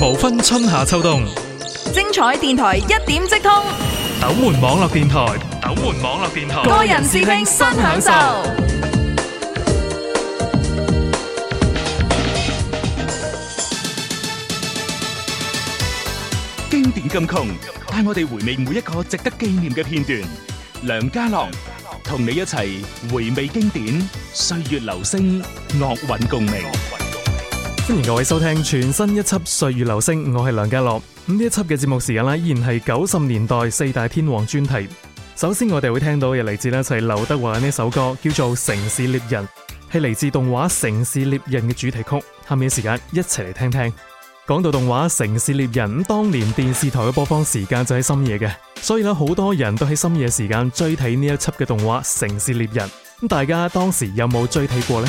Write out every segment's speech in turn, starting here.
無分春夏秋冬，精彩電台一點即通。鬥門網絡電台，鬥門網絡電台，多人視聽，新享受。經典金曲，帶我哋回味每一個值得紀念嘅片段。梁家樂，同你一齊回味經典，歲月留聲，樂韻共鳴。歡迎各位收聽全新一輯《歲月留聲》，我係梁家樂。咁呢一輯嘅節目時間呢，依然係九十年代四大天王專題。首先我哋會聽到嘅嚟自呢，就係劉德華嘅呢首歌，叫做《城市獵人》，係嚟自動畫《城市獵人》嘅主題曲。下面嘅時間一齊嚟聽聽。講到動畫《城市獵人》，當年電視台嘅播放時間就喺深夜嘅，所以呢好多人都喺深夜時間追睇呢一輯嘅動畫《城市獵人》。咁大家當時有冇追睇過呢？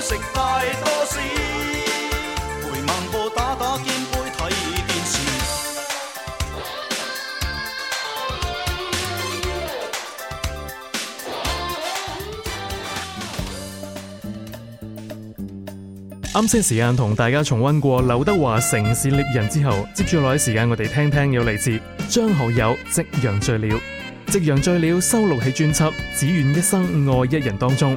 吃大多事打打睇電視啱先時間同大家重温過劉德華《城市獵人》之後，接住來啲時間，我哋聽聽有嚟自張學友《夕陽醉了》。《夕陽醉了》收錄喺專輯《只願一生愛一人》當中。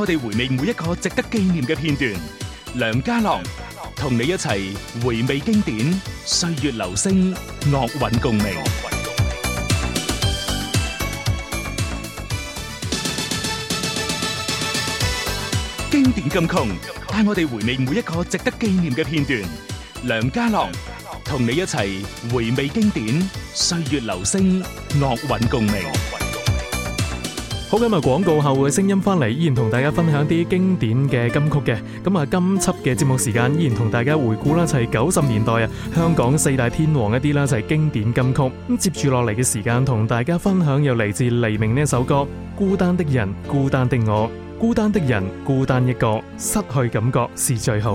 我哋回味每一個值得紀念嘅片段，梁家郎同你一齊回味經典，歲月留聲，樂韻共鳴。經典金曲，帶我哋回味每一個值得紀念嘅片段，梁家郎同你一齊回味經典，歲月留聲，樂韻共鳴。好，今日廣告後嘅聲音翻嚟，依然同大家分享啲經典嘅金曲嘅。咁啊，今輯嘅節目時間依然同大家回顧啦，就係九十年代啊，香港四大天王一啲啦，就係經典金曲。咁接住落嚟嘅時間，同大家分享又嚟自黎明呢一首歌《孤單的人，孤單的我，孤單的人，孤單一個，失去感覺是最好》。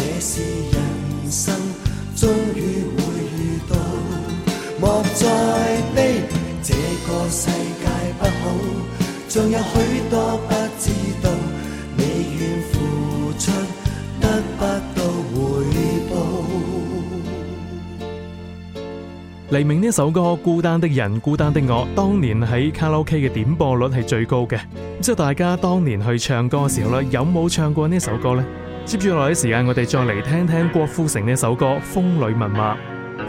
這是人生終於會遇到。莫再悲，這個世界不好，仲有許多不知道，你願付出得不到回報。黎明呢首歌，孤單的人孤單的我，當年喺卡拉 OK 嘅點播率係最高嘅。即係大家當年去唱歌時候咧、嗯、有冇唱過呢首歌呢？接住落嚟嘅時間，我哋再嚟聽聽郭富城呢首歌《風裏密碼》。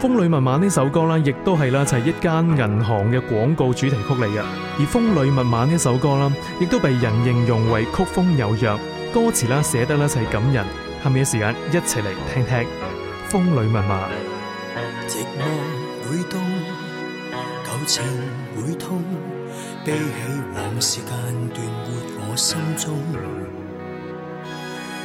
《風裏密碼》呢首歌呢，亦都係啦，係一間銀行嘅廣告主題曲嚟嘅。而《風裏密碼》呢首歌啦，亦都被人形容為曲風柔弱，歌詞啦寫得呢就係感人。下面嘅時間，一齊嚟聽聽《風裏密碼》。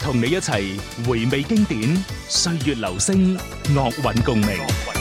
同你一齊回味經典，歲月留聲，樂韻共鳴。